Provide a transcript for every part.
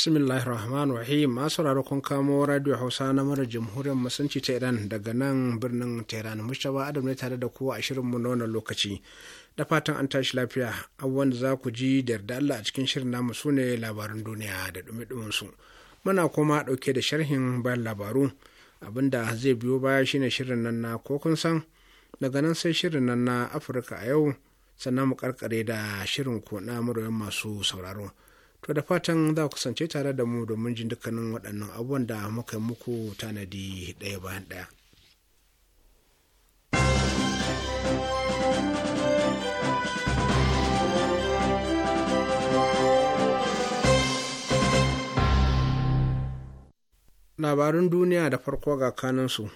bismillahi rahman rahim masu kun kamo radio hausa na mara jamhuriyar masanci ta iran daga nan birnin tehran mustapha adam ne tare da kowa a shirin na wannan lokaci da fatan an tashi lafiya abubuwan da za ku ji da yarda allah a cikin shirin namu su ne labaran duniya da dumi su muna kuma ɗauke da sharhin bayan labaru abinda zai biyo baya shine shirin nan na ko kun san daga nan sai shirin nan na afirka a yau sannan mu karkare da shirin ko na masu sauraro. To da fatan za ku kusance tare da mu domin jin dukkanin waɗannan abubuwan da muka muku tanadi ɗaya bayan ɗaya. Labarun duniya da farko ga kanansu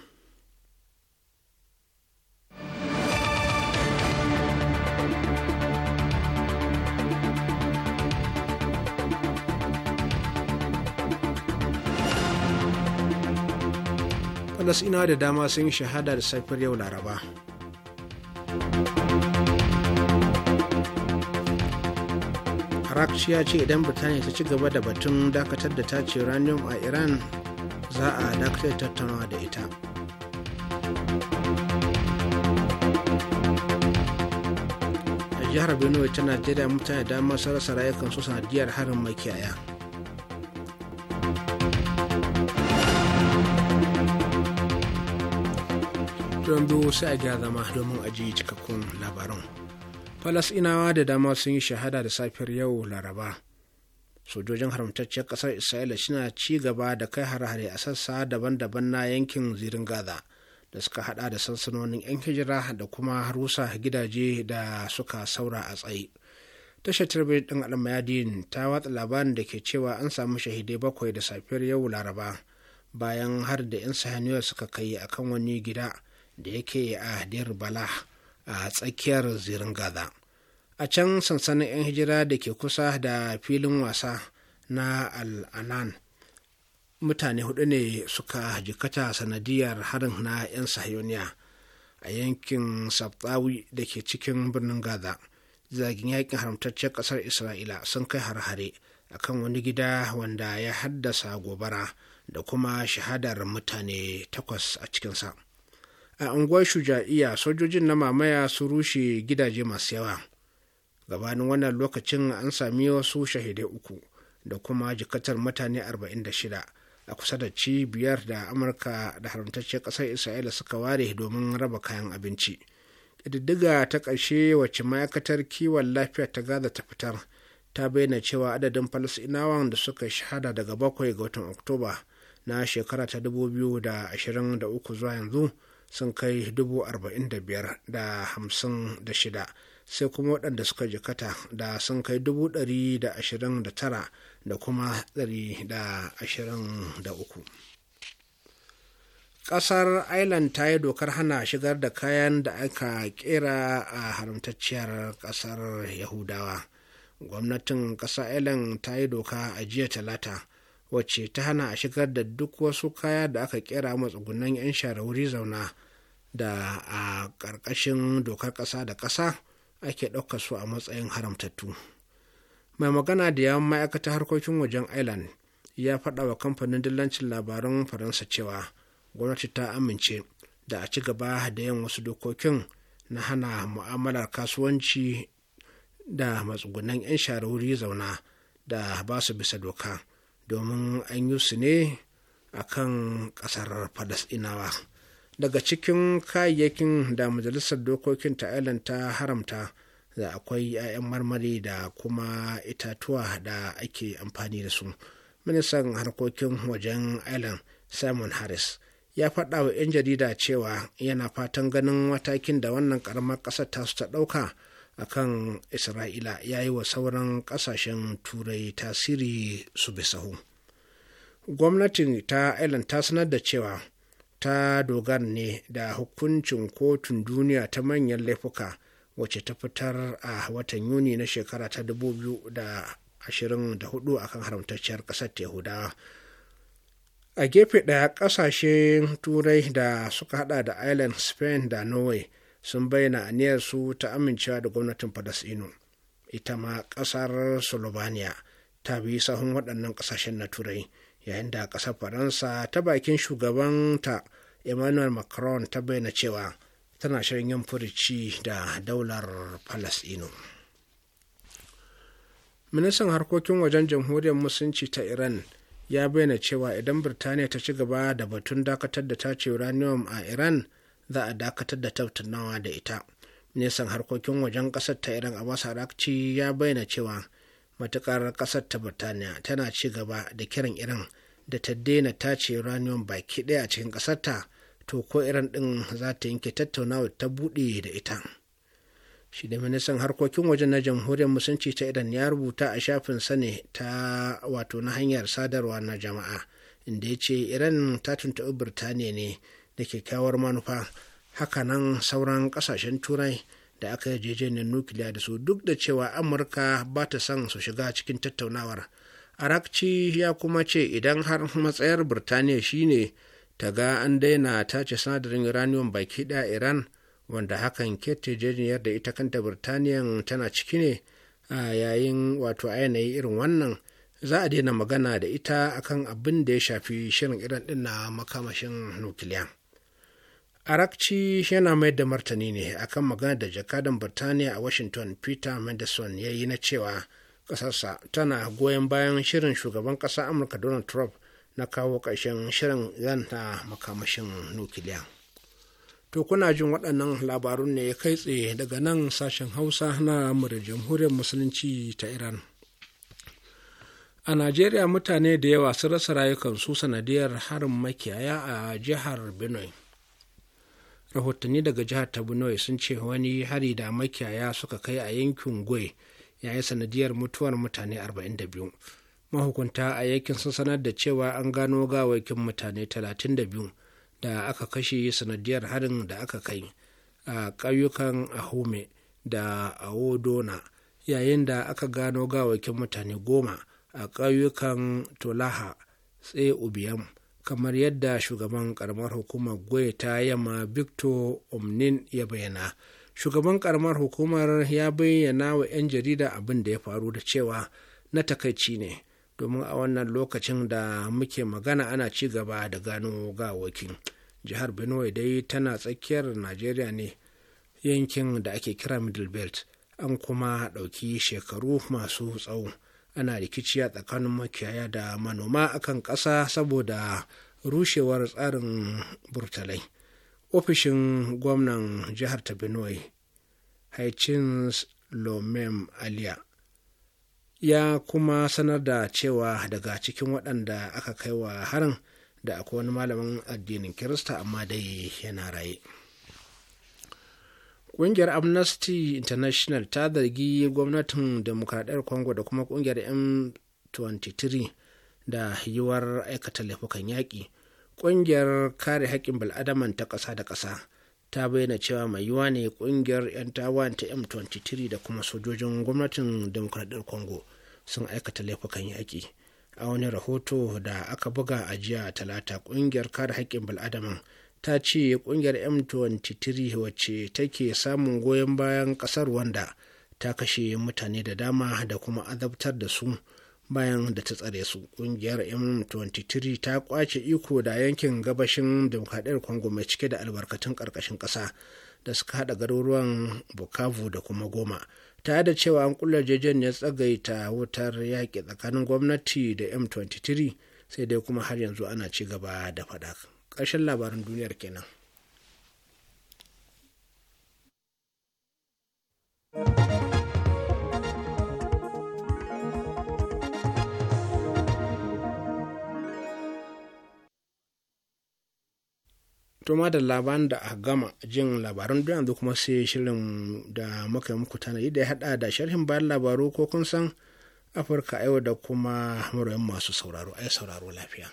ina da dama sun shahada da safiyar yau laraba Raksh ya ce idan Birtaniya ta ci gaba da batun dakatar da ta tace uranium a Iran za a dakatar tattaunawa da ita. A jihar Benue ta Najeriya, mutane damar sarasa rayukan su sanadiyar harin makiyaya. yanzu sai a gyara zama domin a ji cikakkun labaran falasinawa da dama sun yi shahada da safiyar yau laraba sojojin haramtacciyar ƙasar isra'ila suna ci gaba da kai hare-hare a sassa daban-daban na yankin zirin gaza da suka hada da sansanonin 'yan hijira da kuma rusa gidaje da suka saura a tsaye tashar tarbiyyar ɗin almayadin ta watsa labarin da ke cewa an samu shahidai bakwai da safiyar yau laraba bayan har da 'yan sahaniyar suka kai akan wani gida da yake a dir bala a tsakiyar zirin gaza a can sansanin 'yan hijira da ke kusa da filin wasa na al'anan mutane hudu ne suka jikata sanadiyar harin na 'yan sahiyoniya a yankin sabtawi da ke cikin birnin gaza zagin yakin haramtaccen kasar isra'ila sun kai har-hare a kan wani gida wanda ya haddasa gobara da kuma shahadar mutane takwas a cikinsa. a unguwar shuja'iya sojojin na mamaya su rushe gidaje masu yawa gabanin wannan lokacin an sami wasu shahidai uku da kuma jikatar mutane 46 a kusa da cibiyar da amurka da haramtacce ƙasar isra'ila suka ware domin raba kayan abinci ƙididdiga ta ƙarshe wacce ma'aikatar kiwon lafiya ta gaza ta fitar ta bayyana cewa adadin falasinawan da suka shahada daga bakwai ga watan oktoba na shekara ta 2023 zuwa yanzu sun kai dubu arba'in da biyar da hamsin da shida sai kuma waɗanda suka jikata da sun kai dubu ɗari da ashirin da tara da kuma ɗari da ashirin da uku ƙasar ireland ta yi dokar hana shigar da kayan da aka kera a haramtacciyar ƙasar yahudawa gwamnatin ƙasar ireland ta yi doka a jiya talata wacce ta hana a shigar da duk wasu kaya da aka kera matsugunan 'yan shara wuri zauna da a ƙarƙashin dokar ƙasa da ƙasa ake ɗaukar su a matsayin haramtattu mai magana da yawan ma'aikatar harkokin wajen ireland ya faɗa wa kamfanin dillancin labaran faransa cewa gwamnati ta amince da a ci gaba da yin wasu dokokin na hana mu'amalar kasuwanci da matsugunan 'yan share zauna da ba su bisa doka domin an yi su ne a kan ƙasar falasɗinawa. daga cikin kayayyakin da majalisar dokokin ta Ireland ta haramta da akwai 'ya'yan marmari da kuma itatuwa da ake amfani da su ministan harkokin wajen Ireland simon harris ya faɗa wa 'yan jarida cewa yana fatan ganin matakin da wannan ƙaramar ƙasar su ta ɗauka a kan isra'ila ya yi wa sauran ƙasashen turai tasiri su bi sahu gwamnatin ta ireland ta sanar da cewa ta dogan ne da hukuncin kotun duniya ta manyan laifuka wacce ta fitar a watan yuni na shekara ta 2024 akan haramtacciyar ƙasar yahudawa a gefe ɗaya ƙasashen turai da suka hada da ireland spain da norway sun bayyana aniyar su ta amincewa da gwamnatin falasɗinu ita ma ƙasar slovenia ta bi sahun waɗannan ƙasashen na turai yayin da ƙasar faransa ta bakin shugabanta emmanuel macron ta bayyana cewa tana shirin yin furici da daular palestino ministan harkokin wajen jamhuriyar musulunci ta iran ya bayyana cewa idan birtaniya ta ci gaba da batun dakatar da tace uranium a iran za a dakatar da tattaunawa da ita ministan harkokin wajen ƙasar ta iran a masarakci ya bayyana cewa matukar kasar ta birtaniya tana ci gaba da kiran iran da ta daina tace uranium baki daya a cikin kasarta to ko iran din za ta yanke tattaunawa ta buɗe da ita shi da ministan harkokin wajen na jamhuriyar musulunci ta iran ya rubuta a shafin sane ta wato na hanyar sadarwa na jama'a inda ya ce iran ta tuntuɓi birtaniya ne da kyakkyawar manufa hakanan sauran ƙasashen turai da aka yarjejeniyar nukiliya da su duk da cewa amurka ba ta son su shiga cikin tattaunawar arakci ya kuma ce idan har matsayar birtaniya shine ta ga an daina tace sinadarin uranium baki ɗaya iran wanda hakan jejeniyar da ita kanta birtaniya tana ciki ne a yayin wato a irin wannan za a daina magana da ita akan abin da ya shafi shirin iran din na makamashin nukiliya arakci yana mai da martani ne akan magana da jakadan birtaniya a washington peter Mendelson ya yi na cewa ƙasarsa tana goyon bayan shirin shugaban ƙasa amurka donald trump na kawo ƙarshen shirin zanta makamashin nukiliya to kuna jin waɗannan labarun ne kai tsaye daga nan sashen hausa na murar jamhuriyar musulunci ta iran a najeriya mutane da yawa sun rasa rayukansu sanadiyar harin makiyaya a jihar benue rahotanni daga jihar ta sun ce wani hari da makiyaya suka kai a yankin gwe ya yi sanadiyar mutuwar mutane 42 mahukunta a yankin sun sanar da cewa an gano gawakin mutane 32 da aka kashe sanadiyar harin da aka kai a ƙauyukan ahome da awodona yayin da aka gano gawakin mutane goma a ƙauyukan tolaha tse ubiyam kamar yadda shugaban karamar hukumar goya ta yamma victor omnin ya bayyana shugaban karamar hukumar ya bayyana wa 'yan jarida abin da ya faru da cewa na takaici ne domin a wannan lokacin da muke magana ana ci gaba da gano gawakin jihar benue dai tana tsakiyar nigeria ne yankin da ake kira middle belt an kuma ɗauki shekaru masu tsawo ana rikici a tsakanin makiyaya da manoma akan ƙasa saboda rushewar tsarin burtalai ofishin gwamnan jihar ta benue haicins lomem aliya ya kuma sanar da cewa daga cikin waɗanda aka kai wa harin da akwai wani malamin addinin kirista amma dai yana raye. Ƙungiyar Amnesty International ta zargi gwamnatin demokradiyyar Congo da kuma ƙungiyar M23 da yiwuwar aikata laifukan yaƙi. Ƙungiyar kare haƙƙin bal'adaman ta ƙasa da ƙasa ta bayyana cewa mai yiwuwa ne ƙungiyar 'yan tawan ta M23 da kuma sojojin gwamnatin demokradiyyar Congo sun aikata laifukan yaƙi. A wani rahoto da aka buga a jiya talata ƙungiyar kare haƙƙin bil'adaman ta ce kungiyar m23 wacce take samun goyon bayan kasar wanda ta kashe mutane da dama da kuma azabtar da su bayan da ta tsare su kungiyar m23 ta kwace iko da yankin gabashin demokradiyyar congo mai cike da albarkatun karkashin kasa da suka hada garuruwan bukavu da kuma goma ta da cewa an kulla jejen ya tsagaita wutar yaƙi tsakanin gwamnati da m23 sai dai kuma har yanzu ana ci gaba da faɗa. ƙarshen labarin duniyar kenan. tuma da labaran da a gama jin labaran duniya yanzu kuma sai shirin da muka yi muku tanadi da ya hada da sharhin bayan labaru ko kun san afirka yau da kuma murayen masu sauraro ai sauraro lafiya.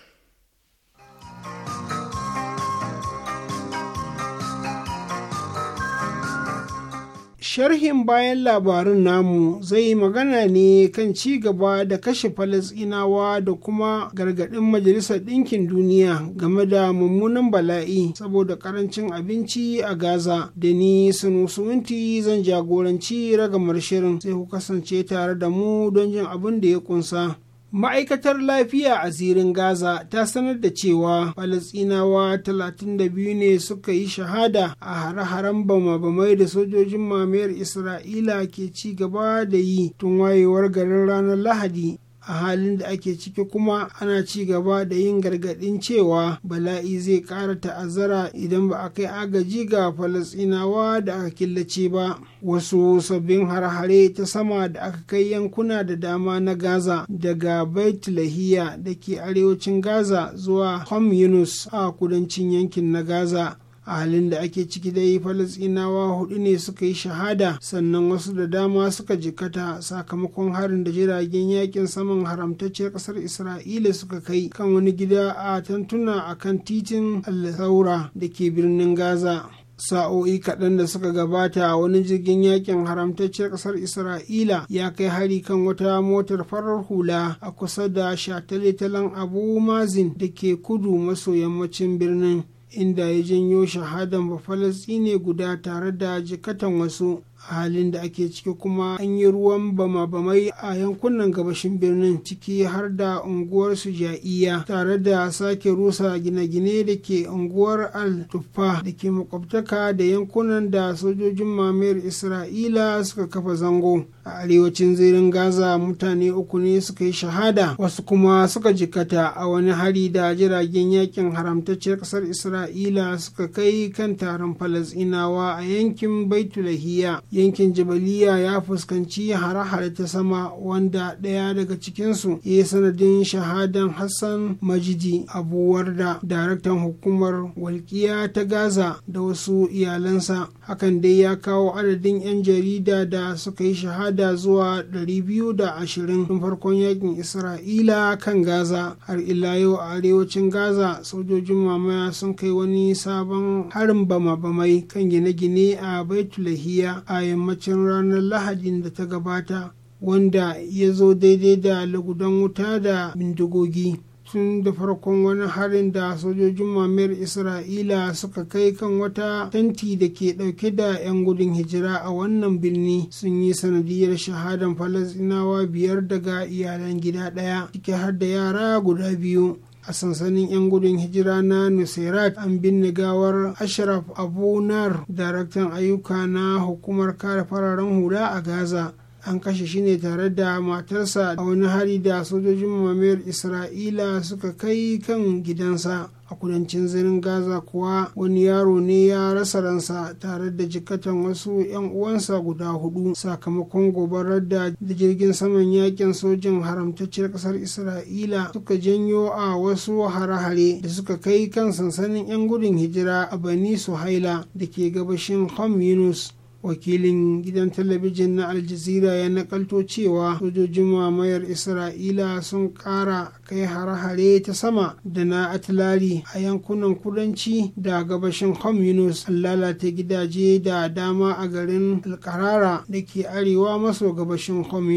sharhin bayan labarin namu zai yi magana ne kan ci gaba da kashe falasinawa da kuma gargaɗin majalisar ɗinkin duniya game da mummunan bala'i saboda ƙarancin abinci a gaza da ni sunusunti zan jagoranci ragamar shirin sai ku kasance tare da mu don jin abin da ya kunsa. ma'aikatar lafiya a zirin gaza ta sanar da cewa falasinawa 32 ne suka yi shahada a hare-haren bama-bamai da sojojin mamayar isra'ila ke ci gaba da yi tun wayewar garin ranar lahadi a halin da ake ciki kuma ana ci gaba da yin gargaɗin cewa bala'i zai ƙara ta'azzara idan ba a kai agaji ga falasinawa da aka killace ba wasu sabbin harhare ta sama da aka kai yankuna da dama na gaza daga bait lahiya da ke arewacin gaza zuwa hom yunus a kudancin yankin na gaza a halin da ake ciki dai falasinawa hudu ne suka yi shahada sannan wasu da dama suka jikata sakamakon harin da jiragen yakin saman haramtacciyar kasar isra'ila suka kai kan wani gida a tantuna a kan titin al da ke birnin gaza sa'o'i kaɗan da suka gabata wani jirgin yakin haramtacciyar ƙasar isra'ila ya kai hari kan wata motar farar hula a kusa da shataletalen abu mazin da ke kudu maso yammacin birnin inda ya janyo shahadan ne guda tare da jikatan wasu halin da ake ciki kuma an yi ruwan bama-bamai a yankunan gabashin birnin ciki har da unguwar ja'iya tare da sake rusa gine-gine da ke unguwar al-tuffa da ke makwabtaka da yankunan da sojojin mamayar isra'ila suka kafa zango a arewacin zirin gaza mutane uku ne suka yi shahada wasu kuma suka jikata a wani hari da jiragen yakin haramtacciyar ƙasar isra'ila suka kai kan taron falasɗinawa a yankin baitulahiya yankin jabaliya ya fuskanci hare-hare ta sama wanda ɗaya daga cikinsu ya yi sanadin shahadan hassan majidi abuwar da daraktan hukumar walƙiya ta gaza da wasu iyalansa hakan dai ya kawo adadin 'yan jarida da suka yi shahada zuwa 220 tun farkon yakin isra'ila kan gaza har ila yau a arewacin gaza sojojin mamaya sun kai wani sabon harin bama-bamai kan gine-gine a baitulahiya a yammacin ranar lahadin da ta gabata wanda ya zo daidai da lagudan wuta da bindigogi tun da farkon wani harin da sojojin mamayar isra'ila suka kai kan wata tanti da ke dauke da 'yan gudun hijira a wannan birni sun yi sanadiyar shahadan falasinawa biyar daga iyalan gida daya ciki har da yara guda biyu a sansanin 'yan gudun hijira na nusirat an binne gawar ashraf abunar daraktan ayyuka na hukumar kare fararen hula a gaza an kashe shi ne tare da matarsa a wani hari da sojojin mamayar isra'ila suka kai kan gidansa a kudancin zirin gaza kuwa wani yaro ne ya rasa ransa tare da jikatan wasu 'yan uwansa guda hudu sakamakon gobarar da jirgin saman yakin sojin haramtacciyar kasar isra'ila suka janyo a wasu hare-hare da suka kai kan sansanin 'yan gudun hijira a bani suhaila da ke gabashin Hom yunus wakilin gidan talabijin na aljazira ya nakalto cewa sojojin mamayar isra'ila sun kara kai hare-hare ta sama da na atilari a yankunan kudanci da gabashin hom an lalata gidaje da dama a garin alkarara da ke arewa maso gabashin hom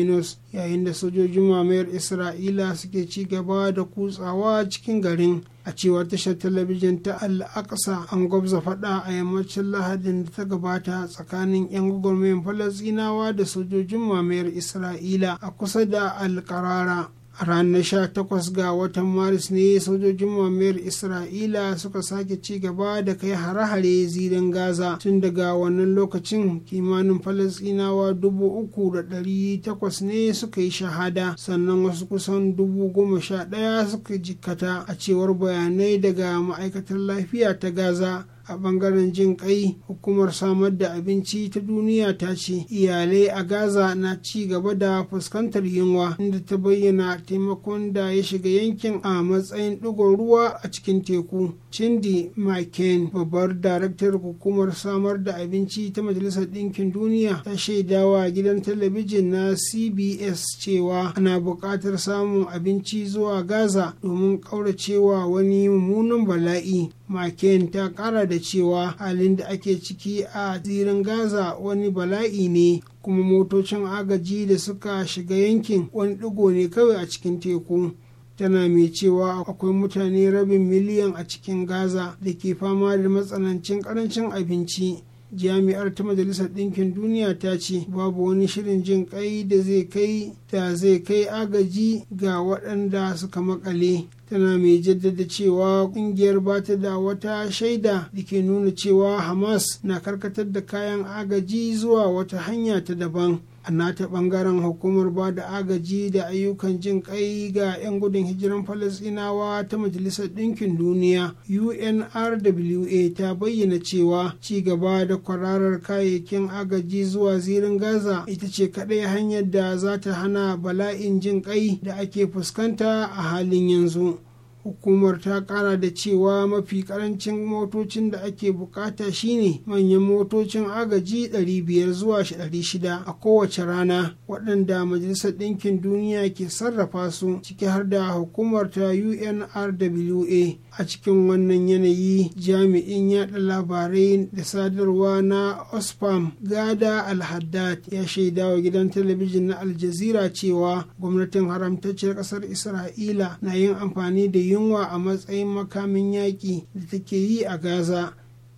yayin da sojojin mamayar isra'ila suke ci gaba da kutsawa cikin garin a cewa tashar talabijin ta al-aqsa an gwabza faɗa a yammacin lahadin da ta gabata tsakanin 'yan gwagwarmayin falasinawa da sojojin mamayar isra'ila a kusa da alkarara a ranar 18 ga watan maris ne sojojin mamayar isra'ila suka sake ci gaba da kai hare-hare zidan gaza tun daga wannan lokacin kimanin falasinawa 3,800 ne suka yi shahada sannan wasu kusan 11,000 suka jikkata a cewar bayanai daga ma'aikatar lafiya ta gaza a bangaren jin kai hukumar samar da abinci ta duniya ta ce iyalai a gaza na ci gaba da fuskantar yunwa inda ta bayyana taimakon da ya shiga yankin a matsayin ɗigon ruwa a cikin teku cindy maken babbar daraktar hukumar samar da abinci ta majalisar ɗinkin duniya ta shaidawa gidan talabijin na cbs cewa ana buƙatar samun abinci zuwa gaza domin ƙauracewa wani mummunan bala'i maken ta ƙara da da cewa halin da ake ciki a tsirin gaza wani bala'i ne kuma motocin agaji da suka shiga yankin wani digo ne kawai a cikin teku tana mai cewa akwai mutane rabin miliyan a cikin gaza da ke fama da matsanancin karancin abinci jami'ar ta majalisar ɗinkin duniya ta ce babu wani shirin jin kai da zai kai da zai kai agaji ga waɗanda suka makale tana mai jaddada cewa ƙungiyar ba ta da wata shaida da ke nuna cewa hamas na karkatar da kayan agaji zuwa wata hanya ta daban a nata bangaren hukumar ba da agaji da ayyukan jin kai ga 'yan gudun hijiran falasinawa ta majalisar ɗinkin duniya unrwa ta bayyana cewa ci gaba da kwararar kayayyakin agaji zuwa zirin gaza ita ce kaɗai hanyar da za ta hana bala'in jin kai da ake fuskanta a halin yanzu hukumar ta kara da cewa mafi karancin motocin da ake bukata shine manyan motocin agaji 500 zuwa 600 a kowace rana waɗanda majalisar ɗinkin duniya ke sarrafa su ciki har da hukumar ta unrwa a cikin wannan yanayi jami'in yada labarai da sadarwa na osfam gada alhaddad ya shaida wa gidan talabijin na aljazira cewa gwamnatin haramtacciyar ƙasar isra'ila na yin amfani da yunwa a matsayin makamin yaƙi da take yi a gaza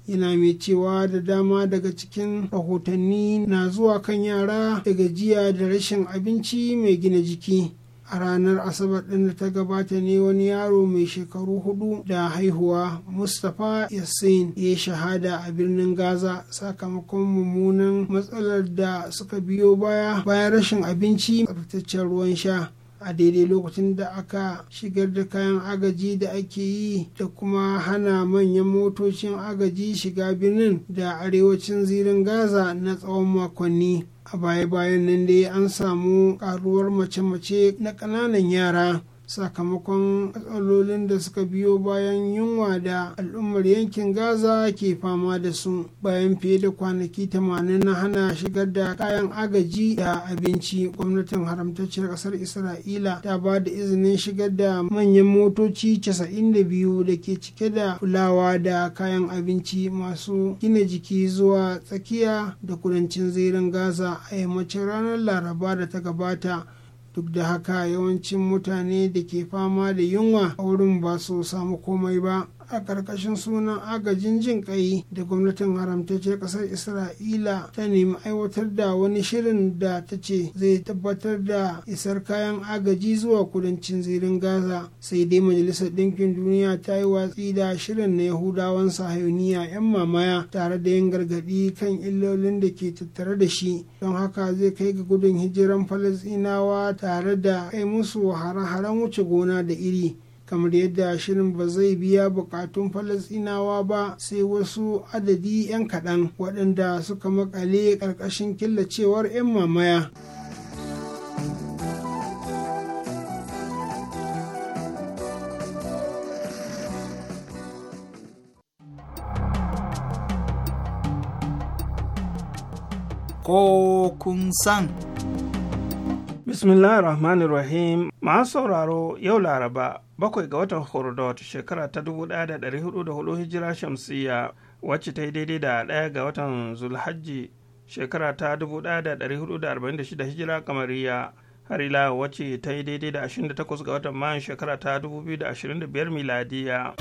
yana mai cewa da dama daga cikin rahotanni na zuwa kan yara da gajiya da rashin abinci mai gina jiki a ranar asabar ɗin da ta gabata ne wani yaro mai shekaru hudu da haihuwa mustapha yassin ya shahada a birnin gaza sakamakon mummunan matsalar da suka biyo baya bayan rashin abinci a ruwan sha a daidai lokacin da aka shigar da kayan agaji da ake yi da kuma hana manyan motocin agaji shiga birnin da arewacin zirin gaza na tsawon makonni a baya-bayan nan dai an samu karuwar mace-mace na ƙananan yara sakamakon matsalolin da suka biyo bayan yunwa da al'ummar yankin gaza ke fama da su bayan fiye da kwanaki 80 na hana shigar da kayan agaji da abinci gwamnatin haramtacciyar kasar isra'ila ta ba da izinin shigar da manyan motoci 92 da ke cike da fulawa da kayan abinci masu gina jiki zuwa tsakiya da kudancin zirin gaza a yammacin ranar laraba da ta gabata duk da haka yawancin mutane da ke fama da yunwa a wurin ba su samu komai ba a ƙarƙashin sunan agajin jin ƙai da gwamnatin haramtacce ƙasar isra'ila ta nemi aiwatar da wani shirin da ta ce zai tabbatar da isar kayan agaji zuwa kudancin zirin gaza sai dai majalisar ɗinkin duniya ta yi watsi da shirin na yahudawan sahayuniya 'yan mamaya tare da yin gargadi kan illolin da ke tattare da shi don haka zai kai ga gudun hijiran falasɗinawa tare da kai musu hare-haren wuce gona da iri kamar yadda shirin ba zai biya bukatun falasinawa ba sai wasu adadi 'yan kaɗan waɗanda suka makale ƙarƙashin killacewar 'yan mamaya. Ko kun san. bismillah Rahim, masu sauraro yau Laraba. bakwai ga watan hurdot shekara ta 1404 hijira shamsiyya wacce ta yi daidai da ɗaya ga watan zulhajji shekara ta 1446 hijira kamariya har ila wacce ta yi daidai da 28 ga watan mayan shekara ta 2025 miladiya.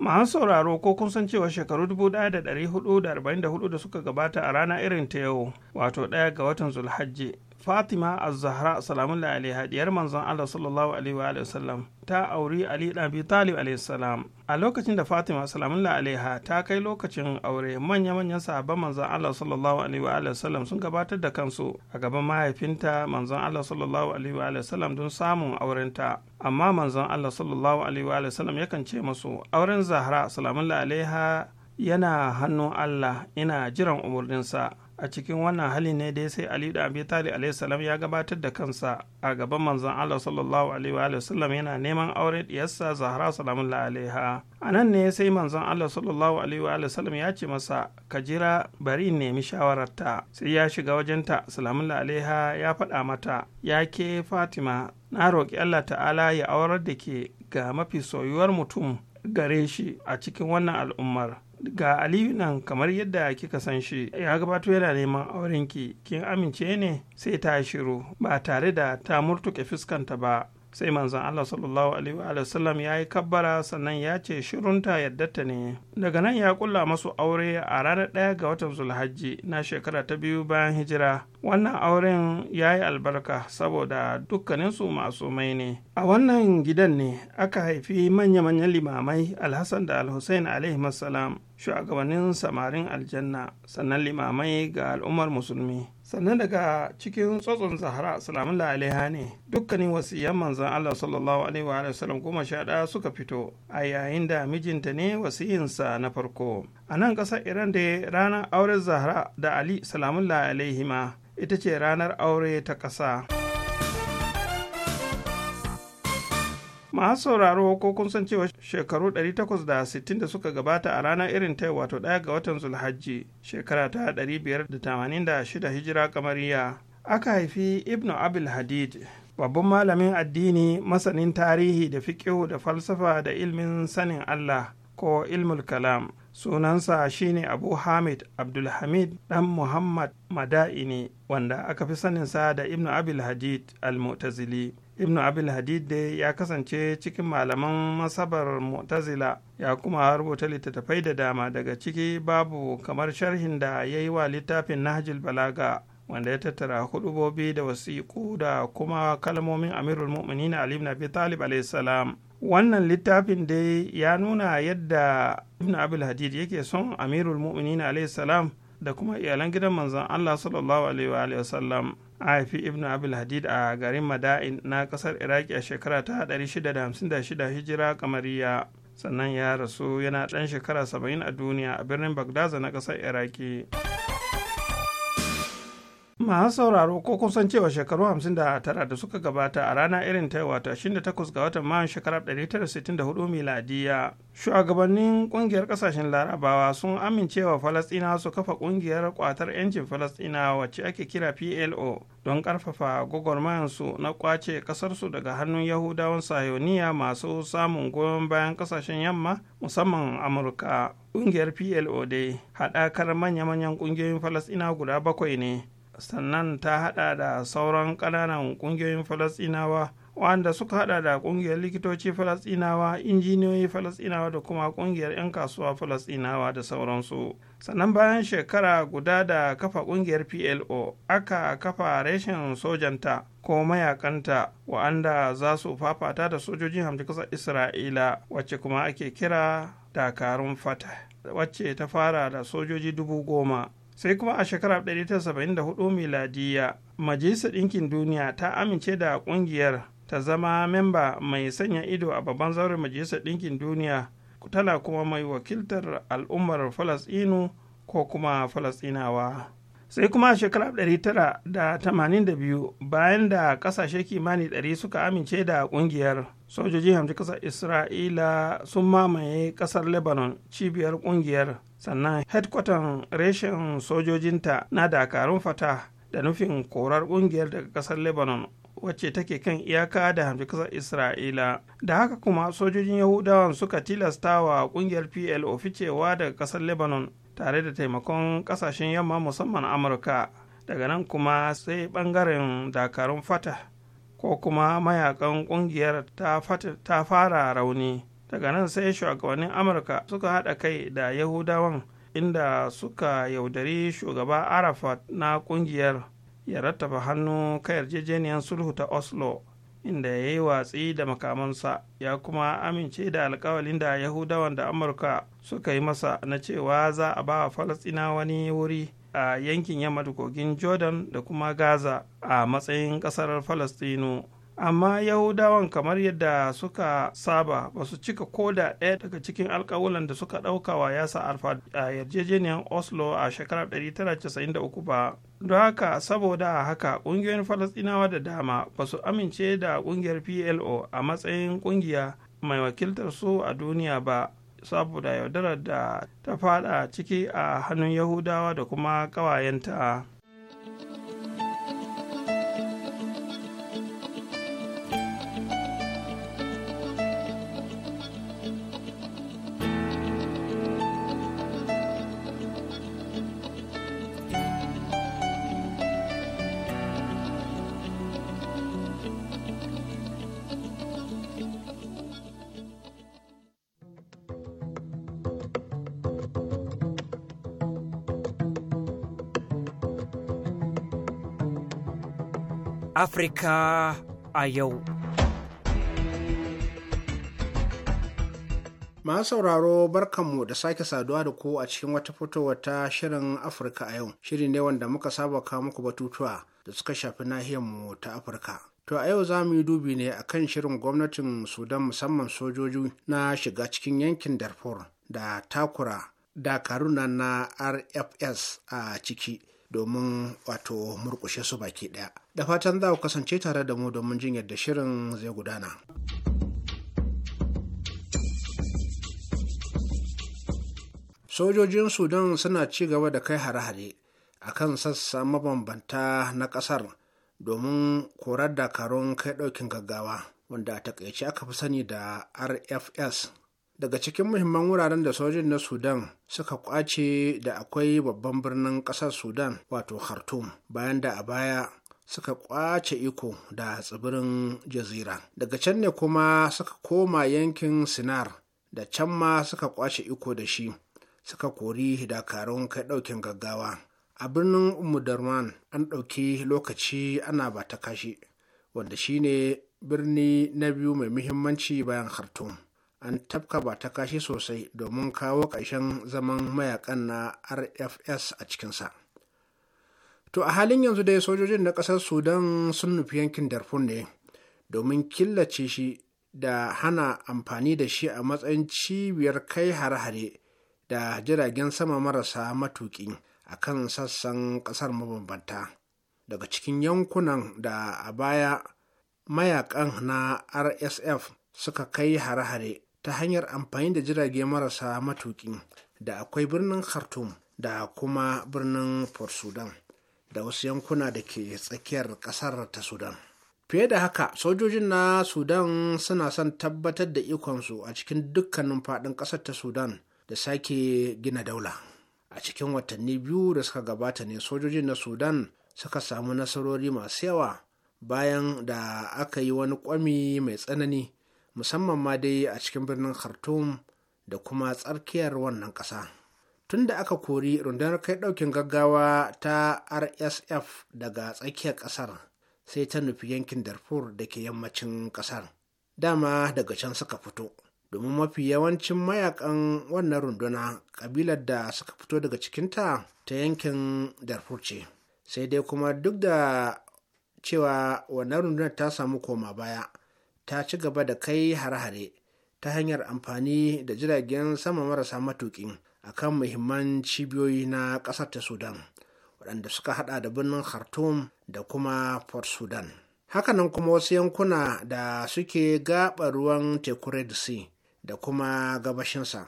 masu sauraro ko kun san cewa shekaru 1444 da suka gabata a rana irin ta yau wato ɗaya ga watan zulhajji fatima az-zahra salamun alaiha diyar manzon allah sallallahu alaihi wa sallam ta auri ali dan abi talib alaihi salam a lokacin da fatima salamun alaiha ta kai lokacin aure manya manyan sahabban manzon allah sallallahu alaihi wa sallam sun gabatar da kansu a gaban mahaifinta manzon allah sallallahu alaihi wa sallam don samun aurenta amma manzon allah sallallahu alaihi wa sallam yakan ce musu auren zahra salamun alaiha yana hannun allah ina jiran umurninsa. a cikin wannan hali ne dai sai ali da abi talib ya gabatar da kansa a gaban manzon allah sallallahu alaihi wa sallam yana neman aure diyarsa zahra salamullahi alaiha a nan ne sai manzon allah sallallahu alaihi wa sallam ya ce masa ka jira bari in nemi shawararta sai ya shiga wajenta salamullahi alaiha ya faɗa mata ya ke fatima na roƙi allah ta'ala ya aurar da ke ga mafi soyuwar mutum gare shi a cikin wannan al'ummar ga aliyu nan kamar yadda kika san shi ya gabato yana neman aurenki kin amince ne sai ta shiru ba tare da ta murtuke fuskanta ba sai manzon Allah sallallahu alaihi wa sallam ya yi kabbara sannan ya ce shirunta ta ne daga nan ya kulla masu aure a ranar ɗaya ga watan zulhajji na shekara ta biyu bayan hijira wannan auren ya yi albarka saboda dukkaninsu masumai ne a wannan gidan ne aka haifi manya-manyan limamai alhassan da alhussein alaihi shugabannin samarin aljanna sannan limamai ga al'ummar musulmi sannan daga cikin tsotson zahara salamun alaiha ne dukkanin wasu wasiyan manzan allah sallallahu alaihi wa sallam goma sha daya suka fito a yayin da mijinta ne wasiyinsa na farko a nan ƙasar iran da ranar auren zahara da ali salamun alaihi ma ita ce ranar aure ta ƙasa. masu sauraro ko kun san cewa shekaru 860 da suka gabata a ranar irin ta wato ɗaya ga watan zulhajji shekara ta 586 hijira kamariya aka haifi ibnu abil hadid babban malamin addini masanin tarihi da fiqihu da falsafa da ilmin sanin allah ko ilmul kalam sunansa shine abu hamid abdulhamid dan muhammad mada'ini wanda aka fi saninsa da ibnu abil hadid al-mu'tazili ibnu abil hadid ya kasance cikin malaman masabar mu'tazila ya kuma rubuta littattafai da dama daga ciki babu kamar sharhin da ya yi wa littafin nahjul balaga wanda ya tattara hudubobi da wasiƙu da kuma kalmomin amirul mu'minin ali ibn abi talib wannan littafin dai ya nuna yadda ibn abil hadid yake son amirul mu'minin salam da kuma iyalan gidan manzon Allah sallallahu alaihi wa sallam haifi ibn abul hadid a garin mada'in na kasar iraki a shekara ta 656 hijira kamariya sannan ya rasu yana ɗan shekara 70 a duniya a birnin bagdaza na kasar iraki masu sauraro ko kun san cewa shekaru 59 da suka gabata a rana irin ta wato 28 ga watan mayun shekarar 1964 miladiya shugabannin kungiyar kasashen larabawa sun amincewa falastina su kafa kungiyar kwatar 'yancin falastina wacce ake kira plo don karfafa su na kwace kasarsu daga hannun yahudawan sayoniya masu samun goyon bayan kasashen yamma musamman amurka kungiyar plo dai haɗakar manya-manyan kungiyoyin falastina guda bakwai ne sannan ta haɗa da sauran ƙananan ƙungiyoyin falasɗinawa wanda suka haɗa da ƙungiyar likitoci falasinawa injiniyoyi falasinawa da kuma ƙungiyar 'yan kasuwa falasinawa da sauransu sannan bayan shekara guda da kafa ƙungiyar plo aka kafa reshen sojanta ko mayakanta wa'anda za su fafata da sojojin hamdukasar isra'ila wacce kuma ake kira dakarun fata wacce ta fara da sojoji dubu goma sai kuma a shekarar 1974 miladiya majalisar ɗinkin duniya ta amince da ƙungiyar ta zama memba mai sanya ido a babban zauren majalisar ɗinkin duniya tana kuma mai wakiltar al'ummar falasɗinu ko kuma falasɗinawa sai kuma a shekarar 1982 bayan da ƙasashe kimanin 100 suka amince da ƙungiyar sojoji hamsin ƙasar isra'ila sun mamaye ƙasar lebanon cibiyar ƙungiyar sannan hedkwatan reshen sojojinta na dakarun fata da nufin korar kungiyar daga kasar lebanon wacce take kan iyaka da hamfi kasar isra'ila da haka kuma sojojin yahudawan suka tilastawa kungiyar plo ficewa daga kasar lebanon tare da taimakon kasashen yamma musamman amurka daga nan kuma sai bangaren dakarun fata ko kuma mayakan kungiyar ta fara rauni daga nan sai shugabannin amurka suka haɗa kai da yahudawan inda suka yaudari shugaba arafat na ƙungiyar ya rattafa hannu kan yarjejeniyar sulhu ta oslo inda ya yi watsi da makamansa ya kuma amince da alkawalin da yahudawan da amurka suka yi masa na cewa za a ba falastina wani wuri a yankin yamma kogin jordan da kuma gaza a matsayin kasar falastinu amma yahudawan kamar yadda suka saba ba su cika koda ɗaya daga cikin alkawulan da suka ɗauka wa yasa alfa a yarjejeniyar oslo a shekarar 1993 ba don haka saboda haka ƙungiyoyin falasɗinawa da dama ba su amince da ƙungiyar plo a matsayin ƙungiya mai wakiltar su a duniya ba saboda yaudarar da ta fada ciki a hannun yahudawa da kuma ƙawayenta. Afirka a yau. Ma sauraro barkanmu da sake saduwa da ku a cikin wata fitowar ta shirin Afirka a yau. Shiri ne wanda muka saba ka muku batutuwa da suka shafi nahiyarmu ta Afirka. To a yau za mu yi dubi ne a kan shirin gwamnatin Sudan musamman sojoji na shiga cikin yankin Darfur da takura Dakaruna na RFS a ciki domin wato murkushe su baki ɗaya. Da fatan za ku kasance tare da mu domin jin yadda shirin zai gudana. Sojojin Sudan suna ci gaba da kai hare-hare a kan sassa mabambanta na ƙasar domin korar dakarun kai ɗaukin gaggawa wanda a takaice aka fi sani da RFS daga cikin muhimman wuraren da sojin na sudan suka kwace da akwai babban birnin ƙasar sudan wato khartoum bayan da a baya suka kwace iko da tsibirin jazira daga can ne kuma suka koma yankin sinar da can ma suka kwace iko da shi suka kori dakarun kai ɗaukin gaggawa a birnin umudarman an ɗauki lokaci ana ba ta kashi wanda shine birni na biyu mai muhimmanci bayan khartoum an tafka ba ta kashi sosai domin kawo ƙarshen zaman mayakan na rfs a cikinsa to a halin yanzu dai sojojin na ƙasar sudan sun nufi yankin darfur ne domin killace shi da hana amfani da shi a matsayin cibiyar kai hare-hare da jiragen sama marasa matuƙi a kan sassan ƙasar mabambanta daga cikin yankunan da a baya mayakan na rsf suka kai hare-hare ta hanyar amfani da jirage marasa matuƙi da akwai birnin khartoum da kuma birnin port sudan da wasu yankuna da ke tsakiyar ƙasar ta sudan fiye da haka sojojin na sudan suna son tabbatar da ikonsu a cikin dukkanin faɗin ƙasar ta sudan da sake gina daula a cikin watanni biyu da suka gabata ne sojojin na sudan suka samu nasarori masu yawa bayan da aka yi wani kwami mai tsanani musamman ma dai a cikin birnin khartoum da kuma tsarkiyar wannan ƙasa tun da aka kori rundunar kai ɗaukin gaggawa ta rsf daga tsakiyar ƙasar sai ta nufi yankin darfur da ke yammacin ƙasar dama daga can suka fito domin mafi yawancin mayakan wannan runduna kabilar da suka fito daga cikinta ta yankin darfur ce sai dai kuma duk da cewa wannan rundunar ta samu koma baya ta ci gaba da kai hare-hare ta hanyar amfani da jiragen sama marasa matuƙi a kan muhimman cibiyoyi na ƙasar ta sudan waɗanda suka haɗa da birnin khartoum da kuma port sudan hakanan kuma wasu yankuna da suke gaɓa ruwan teku red sea da kuma gabashinsa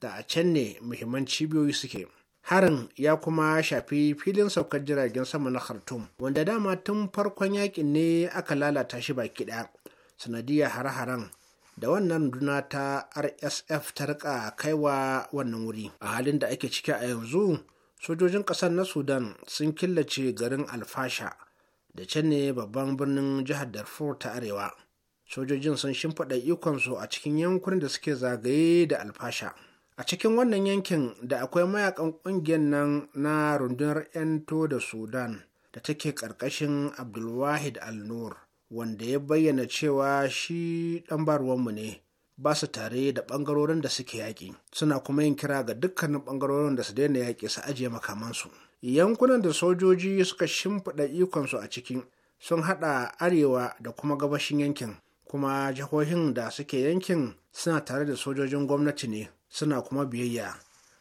da a can ne muhimman cibiyoyi suke harin ya kuma shafi filin saukar jiragen sama na khartoum wanda dama tun farkon yakin ne aka lalata shi baki ɗaya sanadiyar hare-haren da wannan runduna ta rsf ta rika kaiwa wannan wuri a halin da ake ciki a yanzu sojojin ƙasar na sudan sun killace garin alfasha da can ne babban birnin jihar darfur ta arewa sojojin sun shimfiɗa ikonsu a cikin yankunan da suke zagaye da alfasha a cikin wannan yankin da akwai mayakan ƙungiyar nan na rundunar 'yanto da sudan da take ƙarƙashin abdulwahid al-nur wanda ya bayyana cewa shi ɗan baruwanmu ne ba su tare da ɓangarorin da suke yaƙi suna kuma yin kira ga dukkanin ɓangarorin da su daina yaƙi su ajiye makamansu yankunan da sojoji suka shimfiɗa ikonsu a cikin sun haɗa arewa da kuma gabashin yankin kuma jihohin da suke yankin suna tare da sojojin gwamnati ne suna kuma biyayya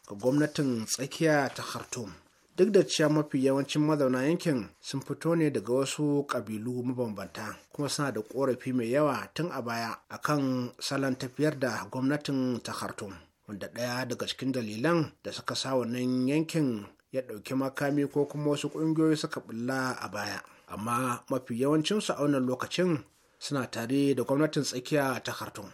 ga gwamnatin tsakiya ta khartoum duk da cewa mafi yawancin mazauna yankin sun fito ne daga wasu ƙabilu mabambanta kuma suna da ƙorafi mai yawa tun a baya a kan salon tafiyar da gwamnatin ta khartoum wanda ɗaya daga cikin dalilan da suka sa wannan yankin ya ɗauki makami ko kuma wasu ƙungiyoyi suka bulla a baya amma mafi yawancinsu a wannan lokacin suna tare da gwamnatin tsakiya ta khartoum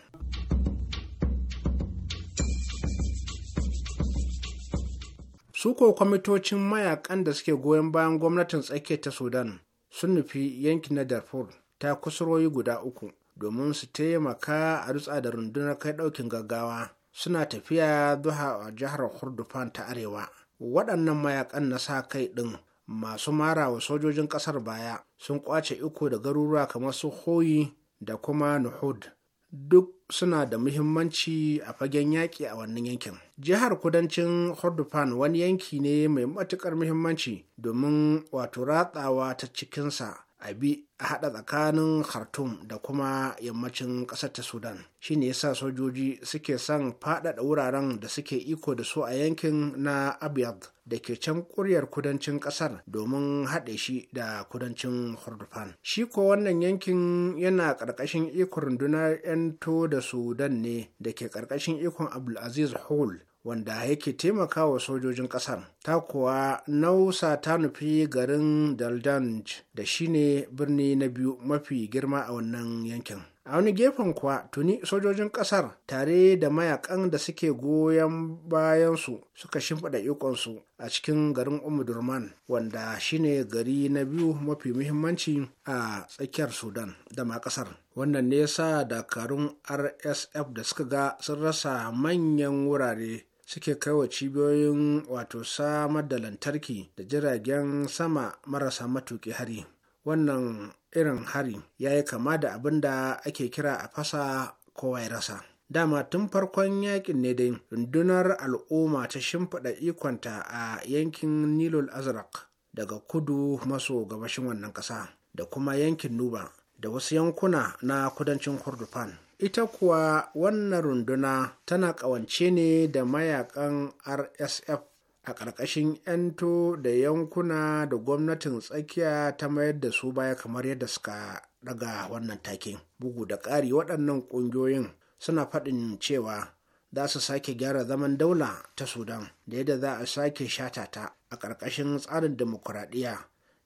su ko kwamitocin mayakan da suke goyon bayan gwamnatin tsakiyar ta sudan sun nufi yankin na darfur ta kusuroyi guda uku domin su taimaka a dutsa da rundunar kai daukin gaggawa suna tafiya zuwa a jihar hurdufan ta arewa waɗannan mayakan na sa kai ɗin masu mara wa sojojin ƙasar baya sun kwace iko da garuruwa kamar su hoyi da kuma nuhud duk suna da muhimmanci a fagen yaƙi a wannan yankin. Jihar kudancin Hordofan wani yanki ne mai matuƙar muhimmanci domin wato ratsawa ta cikinsa a bi a haɗa tsakanin khartoum da kuma yammacin ƙasar ta sudan shine yasa sojoji suke son faɗaɗa wuraren da suke iko da su a yankin na abyad da ke can ƙuryar kudancin ƙasar domin haɗe shi da kudancin hordofan shi ko wannan yankin yana ƙarƙashin ikon rundunar 'yanto da sudan ne da ke ƙarƙashin ikon abdulaziz Hall? wanda yake taimakawa sojojin kasar. ta kuwa nausa ta nufi garin daldanj da shine birni na biyu mafi girma a wannan yankin a wani gefen kuwa tuni sojojin kasar? tare da mayakan da suke goyon bayansu suka shimfiɗa ikonsu a cikin garin umudurman wanda shine gari na biyu mafi muhimmanci a tsakiyar sudan da ma ƙasar wannan ne ya sa dakarun rsf da suka ga sun rasa manyan wurare suke kawo cibiyoyin wato samar da lantarki da jiragen sama marasa matuƙi hari wannan irin hari ya yi kama da abin da ake kira a fasa kowa ya rasa dama tun farkon yakin ne dai rundunar al'umma ta shimfiɗa ikonta a yankin nilul azraq daga kudu maso gabashin wannan ƙasa da kuma yankin nuba da wasu yankuna na kudancin kurdufan ita kuwa wannan runduna tana ƙawance ne da mayakan rsf a ƙarƙashin 'yanto da yankuna da gwamnatin tsakiya ta mayar da su baya kamar yadda suka daga wannan takin bugu da ƙari waɗannan ƙungiyoyin suna faɗin cewa za su sake gyara zaman daula ta sudan da yadda za a sake shatata a ƙarƙashin tsarin demokuraɗiyya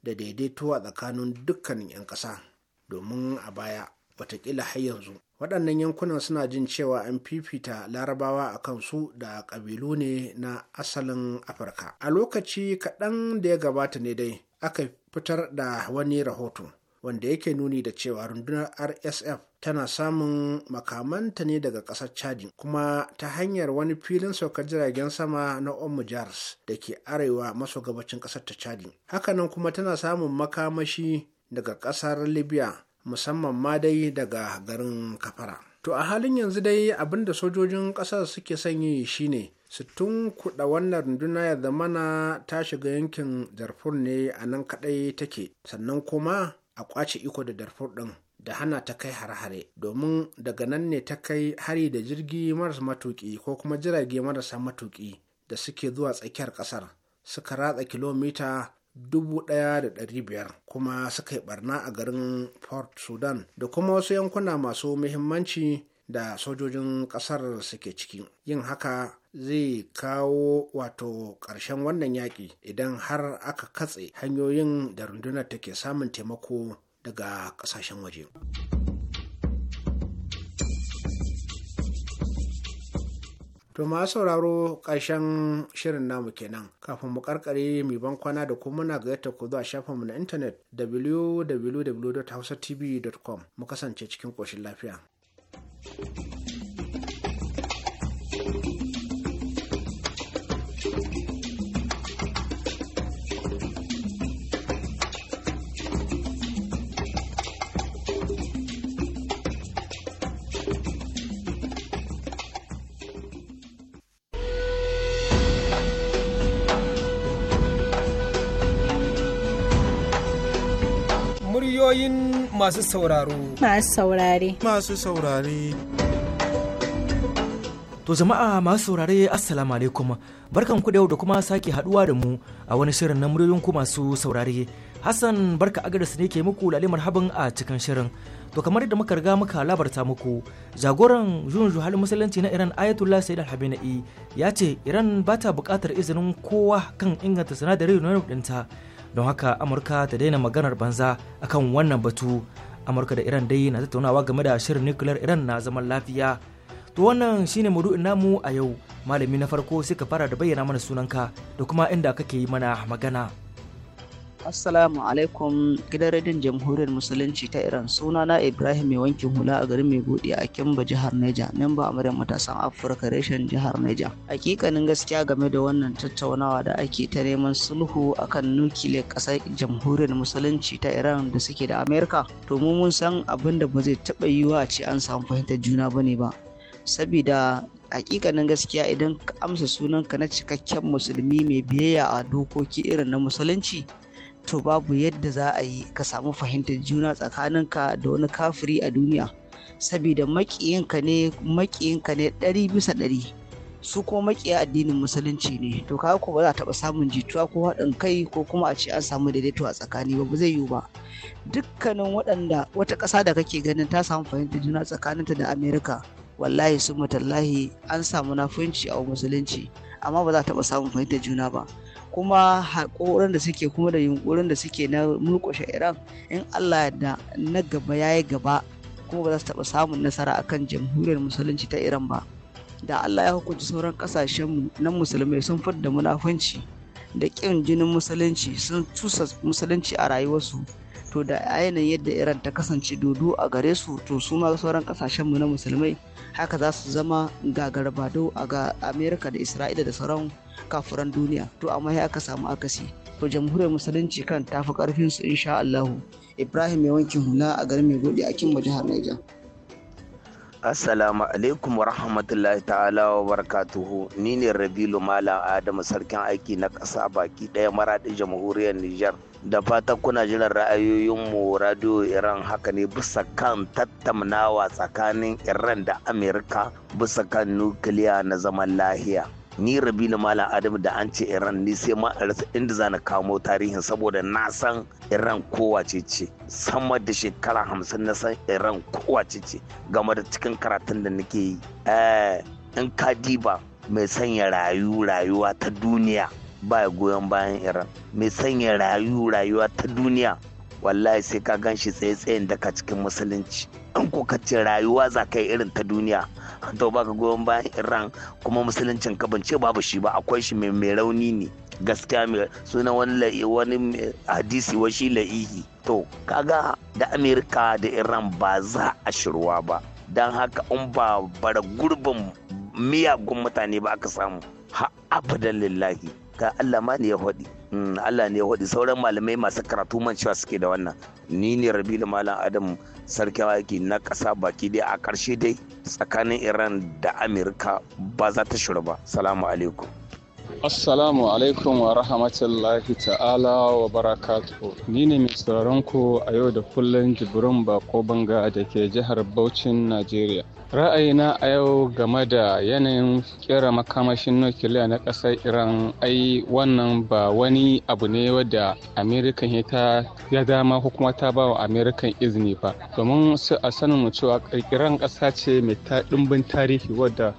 da daidaito a tsakanin dukkanin 'yan ƙasa domin a baya watakila har yanzu waɗannan yankunan suna jin cewa an fifita larabawa a kansu da ƙabilu ne na asalin afirka a lokaci kaɗan da ya gabata ne dai aka fitar da wani rahoto wanda yake nuni da cewa rundunar rsf tana samun makamanta ne daga ƙasar chadi kuma ta hanyar wani filin saukar jiragen sama na omu jars da ke arewa maso gabacin ƙasar ta chadi hakanan kuma tana samun makamashi daga ƙasar libya musamman ma dai daga garin kafara to a halin yanzu dai abin da sojojin ƙasar suke son sanyi shine su kuɗa wannan runduna ya zamana ta shiga yankin darfur ne a nan kaɗai take sannan kuma a ƙwace iko da darfur ɗin da hana ta kai hare-hare domin daga nan ne ta kai hari da jirgi marasa matuƙi ko kuma jirage marasa matuƙi da suke zuwa tsakiyar ƙasar suka ratsa kilomita 1,500 kuma suka yi barna a garin port sudan da kuma wasu yankuna masu muhimmanci da sojojin ƙasar suke ciki yin haka zai kawo wato ƙarshen wannan yaƙi idan har aka katse hanyoyin da rundunar take samun taimako daga ƙasashen waje. To ma sauraro ƙarshen shirin namu kenan. Kafin mu karkare mai ban kwana da kuma muna gayyata ku zuwa shafinmu na intanet www.hausatv.com mu kasance cikin ƙoshin lafiya. thank you Muryoyin masu sauraro. Masu saurare. Masu saurare. To jama'a masu saurare assalamu alaikum barkan ku da yau da kuma sake haduwa da mu a wani shirin na muryoyin ku masu saurare Hassan barka agaris ne ke muku lalle marhaban a cikin shirin to kamar yadda muka riga muka labarta muku jagoran jun juhal musulunci na Iran Ayatollah Sayyid Al-Hamenei ya ce Iran bata bukatar izinin kowa kan inganta sinadarin uranium ɗinta don haka amurka ta daina maganar banza akan wannan batu amurka da iran dai na tattaunawa game da shirin nuclear iran na zaman lafiya to wannan shine maudu'in namu a yau malami na farko sai ka fara da bayyana mana sunanka da kuma inda kake yi mana magana Assalamu alaikum gidan radin jamhuriyar musulunci ta Iran suna na Ibrahim mai wankin hula a garin mai godi a Kimba jihar Neja memba amaryar matasan Afirka reshen jihar Neja. Hakikanin gaskiya game da wannan tattaunawa da ake ta neman sulhu akan nukile kasar jamhuriyar musulunci ta Iran da suke da Amerika to mu mun san abin da ba zai taba yiwa ce an samu fahimtar juna bane ba. Sabida hakikanin gaskiya idan ka amsa sunanka na cikakken musulmi mai biyayya a dokoki irin na musulunci to babu yadda za a yi ka samu fahimtar juna tsakaninka da wani kafiri a duniya saboda makiyinka ne makiyinka ne ɗari bisa ɗari su kuma makiya addinin musulunci ne to ka ko ba za taɓa samun jituwa ko haɗin kai ko kuma a ce an samu daidaito a tsakani ba ba zai yiwu ba dukkanin waɗanda wata ƙasa da kake ganin ta samu fahimtar juna tsakaninta da amerika wallahi sun matallahi an samu nafunci a musulunci amma ba za a taɓa samun fahimtar juna ba kuma haƙorin da suke kuma da yunkurin da suke na murƙushe iran in allah da na gaba ya yi gaba kuma ba za su taɓa samun nasara akan jamhuriyar musulunci ta iran ba da allah ya hukunci sauran ƙasashenmu na musulmai sun fadda munafunci da ƙin jinin musulunci sun cusa musulunci a rayuwarsu to da ainihin yadda iran ta kasance dodo a gare su to su ma sauran ƙasashenmu na musulmai haka za su zama gagarbado a ga amerika da isra'ila da sauran kafuran duniya to amma ya aka samu akasi to jamhuriyar musulunci kan tafi karfin su insha Allah Ibrahim mai wankin hula a garin mai Maigode a Kimba jihar Niger Assalamu alaikum wa rahmatullahi ta'ala wa barakatuhu ni ne Rabilu Malam Adamu sarkin aiki na ƙasa baki ɗaya maraɗin jamhuriyar Nijar. Da fatan kuna jiran mu radio Iran haka ne bisa kan tattaunawa tsakanin Iran da Amerika bisa kan nukiliya na zaman lahiya. ni rabi na malam adam da an ce iran ni sai ma rasa inda za na kamo tarihin saboda na san iran kowa ce ce sama da shekara hamsin na san iran kowa ce ce game da cikin karatun da nake yi eh, in ka diba mai sanya rayu rayuwa ta duniya ba goyon bayan iran mai sanya rayu rayuwa ta duniya wallahi sai ka gan shi tsaye-tsayen daga cikin musulunci an kokacin rayuwa za ka yi irin ta duniya to baka goyon bayan iran kuma musuluncin ka ce babu shi ba akwai shi mai rauni ne gaskiya mai suna wani hadisi wa shi la'ihi to kaga da amerika da iran ba za a shirwa ba don haka in ba bara gurbin miyagun mutane ba aka samu ha abadan lillahi ga allah ma ne ya faɗi Mm, Allah ne hudu sauran malamai masu karatu man cewa suke da wannan ni ne rabilu malam adam sarkin aiki na ƙasa baki dai a ƙarshe dai tsakanin iran da amurka ba za ta shiru ba salamu alaikum Assalamu alaikum wa rahmatullahi ta'ala wa barakatuhu. Ni ne mai sauraron ku a yau da kullum Jibrin Bako Banga da ke jihar Bauchin, Najeriya. Ra'ayina a yau game da yanayin kera makamashin nukiliya na ƙasar Iran ai wannan ba wani abu ne wadda Amerikan ta ya dama ko kuma ta ba wa Amerikan izini ba. Domin su a sanin mutuwa, cewa ƙirƙiran ƙasa ce mai ɗimbin tarihi wadda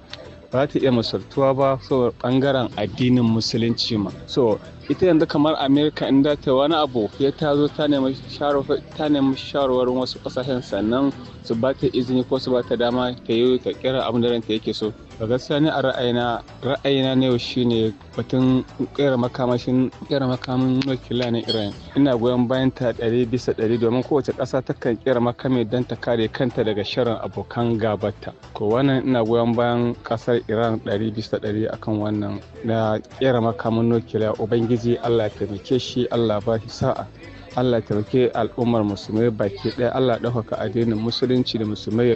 ba ta iya misaltuwa ba saboda bangaren addinin musulunci ma so ita yanzu kamar america in da ta wani abu ya ta zo ta nemi shawarwarin wasu kasashen sannan su ba ta izini ko su ba ta dama ta yi ta kira abin da ranta yake so to gaskiya ne a ra'ayina ra'ayina ne yau shine batun kera makamashin kera makamin nukiliya na iran ina goyon bayan ta ɗari bisa ɗari domin kowace ƙasa takan kera makami don ta kare kanta daga shirin abokan gabata ko wannan ina goyon bayan kasar iran ɗari bisa ɗari akan wannan na kera makamin nukiliya ubangiji allah taimake shi allah ba shi sa'a allah taimake al'ummar musulmai baki ɗaya allah ɗaukaka addinin musulunci da musulmai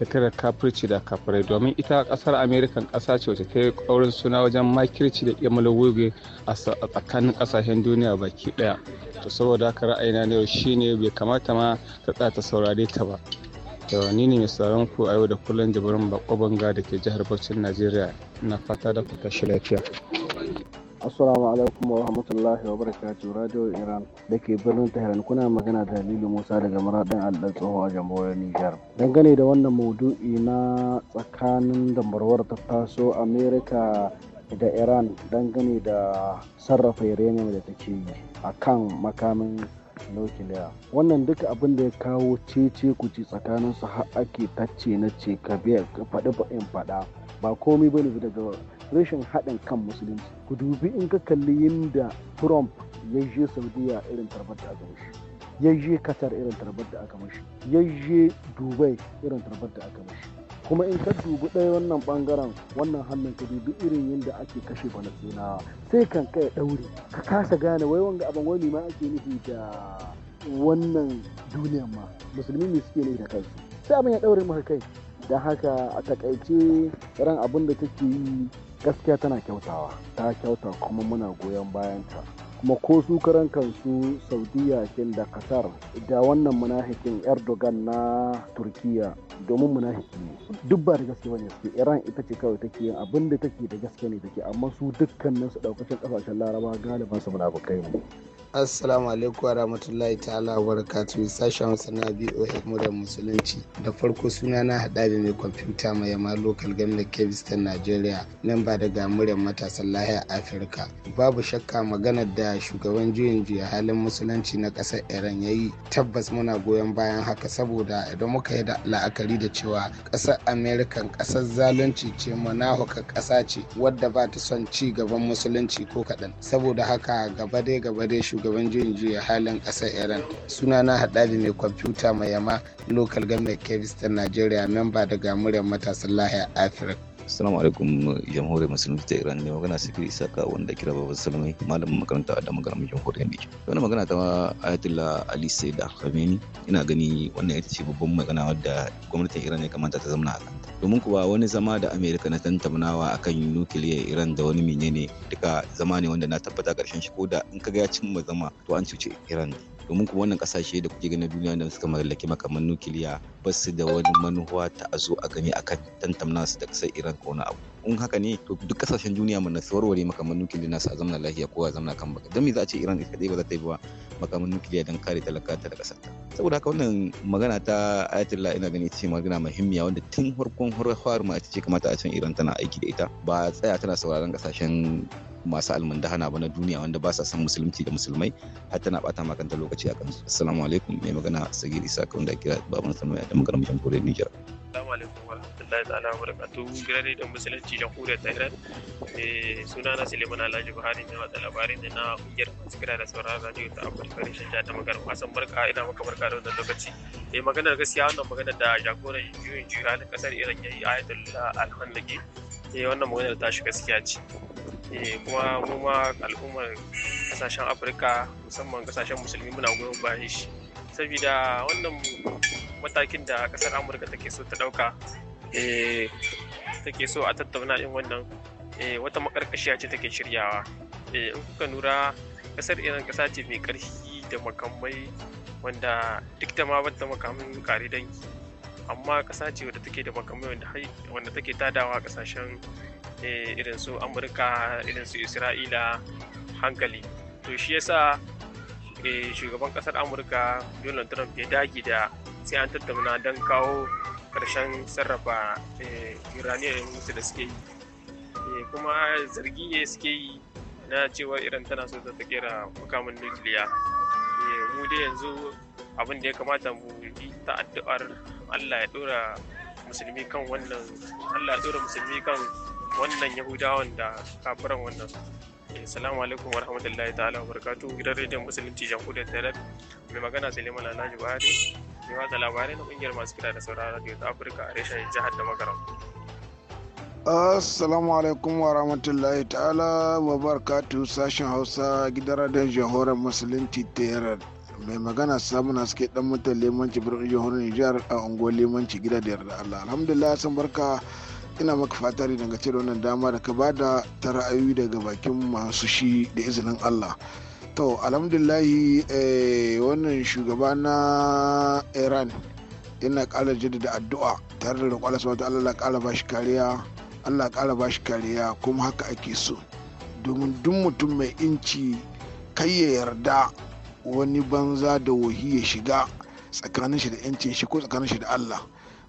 da tare kafirci da kafirai domin ita kasar amerikan kasa ce wacce ta yi kaurin suna wajen makirci da iya wuge a tsakanin kasashen duniya baki daya to saboda haka ra'ayina na yau shine bai kamata ma ta tsaya ta saurare ta ba to ni ne mai sauran ku a yau da kullum jibirin bako banga da ke jihar bauchin najeriya na fata da ku tashi lafiya Assalamu alaikum wa rahmatullahi wa barakatuh Radio Iran da ke birnin Tehran kuna magana da Halilu Musa daga Maradin Allah tsoho a jamhuriyar Nijar. Dangane da wannan maudu'i na tsakanin damarwar ta taso Amerika da Iran dangane da sarrafa uranium da take yi a kan makamin nukiliya. Wannan duka abin da ya kawo cece kuci tsakanin su har ake tacce na ce ka faɗi faɗin faɗa ba komai bane daga rashin haɗin kan musulunci ku dubi in ka kalli yadda trump ya je saudiya irin tarbar da aka mashi ya je qatar irin tarbar da aka mashi ya je dubai irin tarbar da aka mashi kuma in ka dubi ɗaya wannan bangaren wannan hannun ka dubi irin yadda ake kashe falastinawa sai kan kai ɗaure ka kasa gane wai wanga abin wani ma ake nufi da wannan duniya ma musulmi ne suke ne da kai sai abin ya ɗaure maka kai don haka a takaice ran abin da take yi gaskiya tana kyautawa ta kyauta kuma muna goyon bayanta kuma ko su karan kansu saudiya kin da qatar da wannan munafikin erdogan na turkiya domin munafiki ne duk ba da gaske bane su iran ita ce kawai take yin abin da take da gaske ne take amma su dukkanin su daukacin kasashen laraba galiba su munafikai ne assalamu alaikum wa rahmatullahi ta'ala wa barakatuhu sashen hausa na yammu da musulunci da farko suna na hada da mai kwamfuta mai yama local government kevistan nigeria nan ba daga muryar matasan lahiyar afirka babu shakka maganar da shugaban juyin juya halin musulunci na kasar iran ya yi tabbas muna goyon bayan haka saboda idan muka yi la'akari da cewa kasar american kasar zalunci ce munafuka kasa ce wadda ba ta son ci gaban musulunci ko kaɗan saboda haka gaba dai gaba dai shugaban juyin juya halin ƙasar iran suna sunana haɗari mai kwamfuta mai yama local government kebis ta nigeria memba daga muryar matasan lahiyar afirka Assalamu alaikum jamhuriyar musulunci ta Iran ne magana Sikir Isaka wanda kira Baba Salmai malamin makaranta da magaram jamhuriyar ne wani magana ta Ayatollah Ali Said Khamenei ina gani wannan ita ce babban magana wadda gwamnatin Iran ya kamata ta zamana a kan. domin kuwa wani zama da amerika na tantamnawa akan nukiliya iran da wani menene duka zama ne wanda na tabbata karshen shi ko da in kaga ya cimma zama to an cuce iran domin kuma wannan kasashe da kuke ganin duniya da suka mallaki makaman nukiliya ba su da wani manuwa ta a zo a gani a kan tantamna su da kasar iran ko wani abu in haka ne to duk kasashen duniya mun su warware makaman nukiliya su a zamanin lafiya ko a zamanin kan baka don me za a ce iran ita kadai ba za ta yi ba makamin nukiliya don kare talaka ta daga sata saboda haka wannan magana ta ayatollah ina gani ce magana muhimmiya wanda tun farkon har ma ita ce kamata a can iran tana aiki da ita ba tsaya tana sauraron kasashen masu dahana ba na duniya wanda ba sa san musulunci da musulmai har tana bata makanta lokaci a kansu assalamu alaikum mai magana sagir isa kawai da kira baban sanuwa da magana mutum kore nijar assalamu alaikum Allah ya tsala mu da katu gidan da musulunci jamhuriyar ta Iran eh suna na Suleiman Alhaji Buhari ne wata labarai ne na kungiyar sikira da sauran radio ta Afirka Farishin ta magana wasan barka ina maka barka da wannan lokaci eh maganar gaskiya wannan maganar da jagoran juyin juyin na kasar Iran yayi Ayatollah Al-Hamdani eh wannan maganar ta shi gaskiya ce eh kuma mu ma al'ummar kasashen afirka musamman kasashen musulmi muna goyon bayan shi saboda wannan matakin da kasar amurka take so ta dauka Eh, take so a tattauna in wannan eh, wata makarkashiya ce take shiryawa eh, in kuka nura kasar iran kasa ce mai karfi da makamai wanda duk da ma bata makamin kare danki amma kasa ce wadda take da makamai wanda take tadawa kasashen irin su amurka irin su isra'ila hankali to shi yasa shugaban kasar amurka donald trump ya dage da sai an tattauna don kawo karshen sarrafa iraniya eh, musu da suke yi eh, kuma zargi ne suke yi na cewa iran tana so ta kera makamin nukiliya eh, mu dai yanzu abin da ya kamata mu yi ta addu'ar allah ya dora musulmi kan wannan allah ya dora musulmi kan wannan yahudawan da kafiran wannan Salamu alaikum wa rahmatullahi ta'ala wa barakatuhu gidan rediyon musulunci jamhuriyar Tarab mai magana Suleiman Alhaji Buhari ke watsa labarai na kungiyar masu kira da sauraron radio ta Afirka a reshen jihar da magaram. Assalamu alaikum wa rahmatullahi ta'ala wa barkatu sashen Hausa gidan radon jihohar Musulunci Tehran. mai magana samu na suke dan mutan limanci birnin jihohar Nijar a unguwar limanci gida da yarda Allah. Alhamdulillah san barka ina maka ne daga cire wannan dama da ka bada ta ra'ayoyi daga bakin masu shi da izinin Allah. to alhamdulahi eh, wannan shugaba na iran yana kala da addu'a tare da roƙon Allah Allah la kala bashi kariya Allah kala bashi kariya kuma haka ake so domin duk mutum mai inci kai ya yarda wani banza da wahi ya shiga tsakanin shi da yancin shi ko tsakanin shi da Allah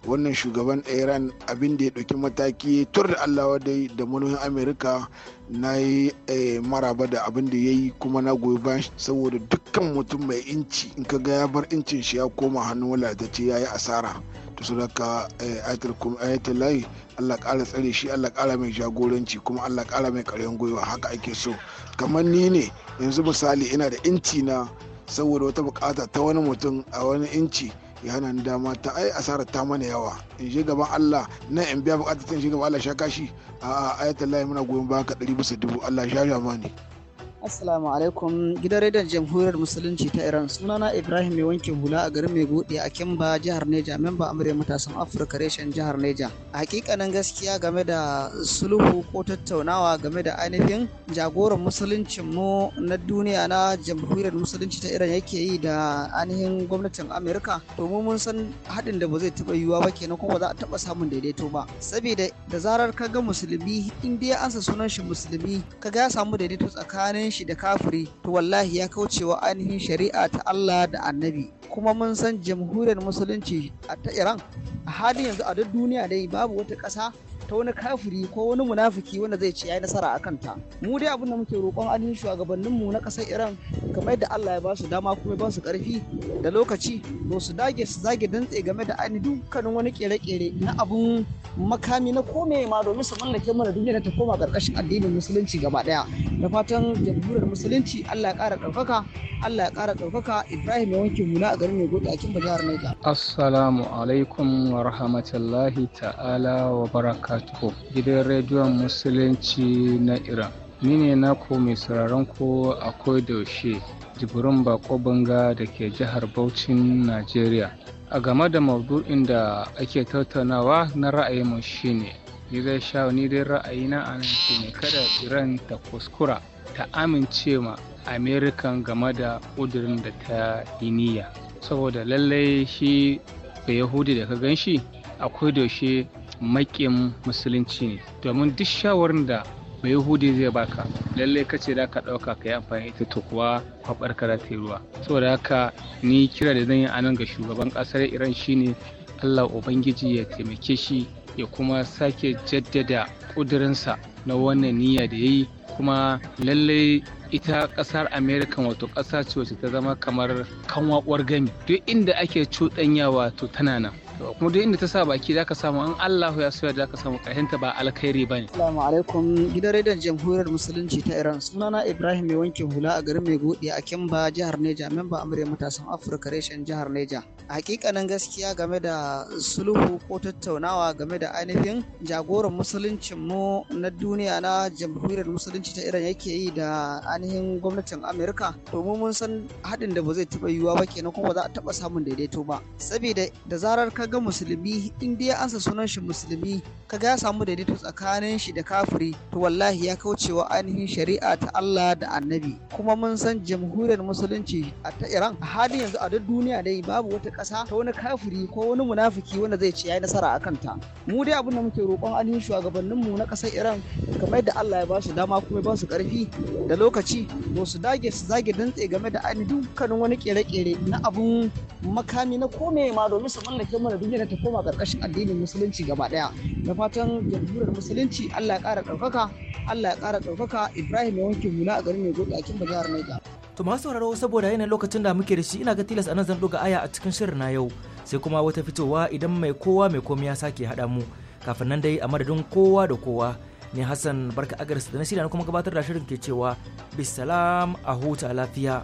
wannan shugaban iran abin da ya ɗauki mataki tur da allawa dai da manohin amerika na yi eh, maraba da abin da ya yi kuma na goyi bayan saboda dukkan mutum mai inci in ka ga ya bar incin shi ya koma hannu wadatacce ya yi asara to daga eh, ayatul kuma ayatul layi allah ƙara tsare shi allah ƙara mai jagoranci kuma allah ƙara mai ƙarfin gwiwa haka ake so kamar ni ne yanzu misali ina da inci na saboda wata bukata ta wani mutum a wani inci ya ni dama ta ai asarar ta mana yawa in je gaban Allah na in biya bukatar ta in je gaban Allah sha kashi a ayatullahi muna goyon baka ɗari bisa dubu Allah sha sha ne. Assalamu alaikum gidan rediyon jamhuriyar musulunci ta Iran sunana Ibrahim mai wanke hula a garin Maigode a Kimba jihar Neja memba amurya matasan Afirka reshen jihar Neja. Hakikanin gaskiya game da sulhu ko tattaunawa game da ainihin jagoran musuluncin mu na duniya na jamhuriyar musulunci ta Iran yake yi da ainihin gwamnatin Amerika domin mun san hadin da ba zai taɓa yiwuwa ba kenan kuma ba za a taɓa samun daidaito ba. Saboda da zarar ka ga musulmi in dai ansa sunan shi musulmi kaga ya samu daidaito tsakanin shi da kafiri to wallahi ya kaucewa ainihin shari'a ta Allah da annabi kuma mun san jamhuriyar musulunci ta iran a halin yanzu a duk duniya dai babu wata ƙasa ta wani kafiri ko wani munafiki wanda zai ce yi nasara a kanta mu dai abin da muke roƙon ainihin shugabanninmu na ƙasar iran kamar da allah ya basu dama kuma ya basu su ƙarfi da lokaci to su dage su zage dantse game da ainihin dukkanin wani ƙere-ƙere na abun makami na kome ma domin su mallake mana duniya da ta koma ƙarƙashin addinin musulunci gaba ɗaya da fatan jamhuriyar musulunci allah ya ƙara ɗaukaka allah ya ƙara ɗaukaka ibrahim ya wanke hula garin mai gode a kimba jihar Niger. Assalamu alaikum wa rahmatullahi ta'ala wa barakatuhu. Gidan rediyon Musulunci na Iran. Ni ne ku mai sauraron ko a koyaushe jibrin bako banga da ke jihar bauchi Najeriya. A game da maudu'in da ake tattaunawa na mu shine ni zai sha ni dai ra'ayi a nan ne kada Iran ta kuskura ta amincewa Amerikan game da ƙudurin da ta yi niyya. saboda lallai shi da yahudi da ka gan shi akwai doshe maƙin musulunci ne domin duk shawarar da bai yahudi zai baka lallai ka ce ka ɗauka ka yi amfani ita to kuwa kwabar ka ta ruwa saboda haka ni kira da zan yi anan ga shugaban Kasar iran shine allah ubangiji ya taimake shi ya kuma sake jaddada ƙudurinsa na wannan niyya da ya yi kuma lallai ita kasar america wato kasa ce wacce ta zama kamar kanwa gami duk inda ake cuɗanyawa wato tana nan kuma duk inda ta sa baki zaka samu an Allah ya soya zaka samu ta ba alkhairi bane assalamu alaikum gidan radio jamhuriyar musulunci ta Iran sunana Ibrahim mai wanke hula a garin mai Maigodi a Kimba jihar Neja memba amure matasan Afirka reshen jihar Neja hakikanin gaskiya game da sulhu ko tattaunawa game da ainihin jagoran musuluncin mu na duniya na jamhuriyar musulunci ta Iran yake yi da ainihin gwamnatin Amerika domin mun san hadin da ba zai taɓa yiwuwa ba kenan kuma ba za a taɓa samun daidaito ba saboda da zarar ka ga musulmi in dai ansa sunan shi musulmi kaga ya samu daidaito tsakanin shi da kafiri to wallahi ya kaucewa ainihin shari'a ta Allah da annabi kuma mun san jamhuriyar musulunci a ta Iran a halin yanzu a duk duniya dai babu wata ƙasa ta wani kafiri ko wani munafiki wanda zai ce yayi nasara akan ta mu dai abin da muke roƙon ainihin shugabannin mu na ƙasar Iran kamar da Allah ya ba su dama kuma ba su ƙarfi da lokaci to su dage su zage dantse game da ainihin dukkanin wani kere-kere na abun makami na kome ma domin su mallake mana duniya ta koma karkashin addinin musulunci gaba daya da fatan jamhuriyar musulunci Allah ya kara ɗaukaka Allah ya kara ɗaukaka Ibrahim ya wanke hula a garin Mai Gode a kin jihar to masu sauraro saboda yanayin lokacin da muke da shi ina ga tilas anan zan ga aya a cikin shirin na yau sai kuma wata fitowa idan mai kowa mai komai ya sake haɗa mu kafin nan dai a madadin kowa da kowa ne Hassan barka agarsa da na shirya kuma gabatar da shirin ke cewa bisalam a huta lafiya.